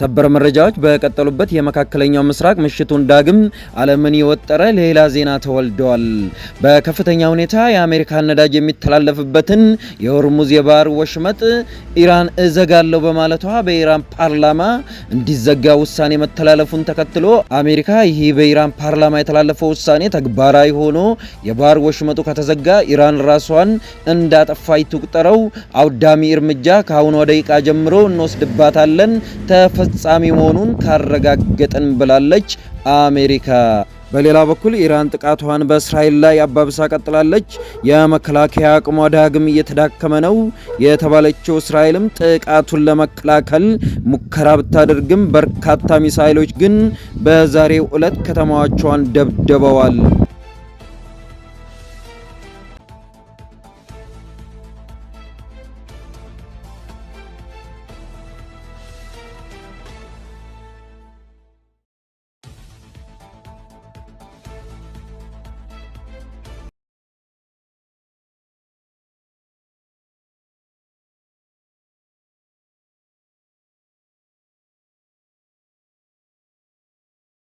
ሰበር መረጃዎች በቀጠሉበት የመካከለኛው ምስራቅ ምሽቱን ዳግም ዓለምን የወጠረ ሌላ ዜና ተወልደዋል። በከፍተኛ ሁኔታ የአሜሪካን ነዳጅ የሚተላለፍበትን የሆርሙዝ የባህር ወሽመጥ ኢራን እዘጋለሁ በማለቷ በኢራን ፓርላማ እንዲዘጋ ውሳኔ መተላለፉን ተከትሎ አሜሪካ ይህ በኢራን ፓርላማ የተላለፈው ውሳኔ ተግባራዊ ሆኖ የባህር ወሽመጡ ከተዘጋ ኢራን ራሷን እንዳጠፋች ትቁጠረው፣ አውዳሚ እርምጃ ከአሁኗ ደቂቃ ጀምሮ እንወስድባታለን ተፈ ተፈጻሚ መሆኑን ካረጋገጠን ብላለች አሜሪካ። በሌላ በኩል ኢራን ጥቃቷን በእስራኤል ላይ አባብሳ ቀጥላለች። የመከላከያ አቅሟ ዳግም እየተዳከመ ነው የተባለችው እስራኤልም ጥቃቱን ለመከላከል ሙከራ ብታደርግም በርካታ ሚሳይሎች ግን በዛሬው ዕለት ከተማዋቿን ደብድበዋል።